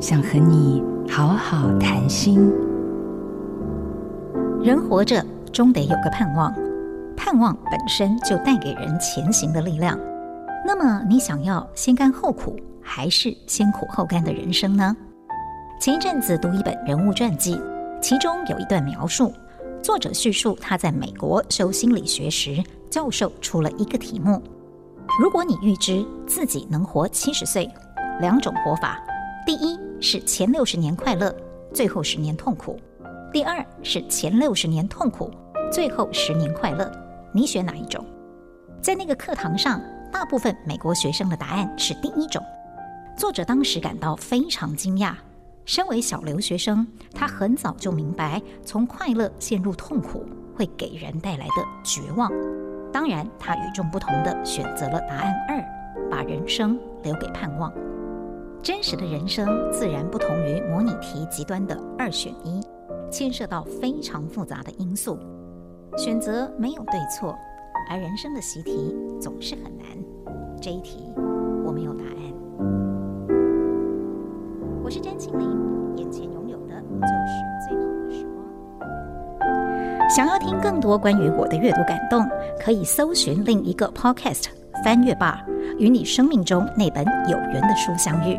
想和你好好談心。人活着，終得有個盼望，盼望本身就帶給人前行的力量。那麼，你想要先甘後苦，還是先苦後甘的人生呢？前一陣子讀一本人物傳記，其中有一段描述，作者敘述他在美國修心理學時，教授出了一個題目：如果你預知自己能活七十歲，兩種活法。第一是前六十年快樂，最後十年痛苦；第二是前六十年痛苦，最後十年快樂。你選哪一種？在那個課堂上，大部分美國學生的答案是第一種。作者當時感到非常驚訝。身為小留學生，他很早就明白從快樂陷入痛苦會給人帶來的絕望。當然，他與眾不同的選擇了答案二，把人生留給盼望。真實的人生自然不同於模擬題，極端的二選一，牽涉到非常複雜的因素，選擇沒有對錯，而人生的習題總是很難。這一題我沒有答案。我是詹慶齡，眼前擁有的就是最好的時光。想要聽更多關於我的閱讀感動，可以搜尋另一個 podcast《翻閱吧》，與你生命中那本有緣的書相遇。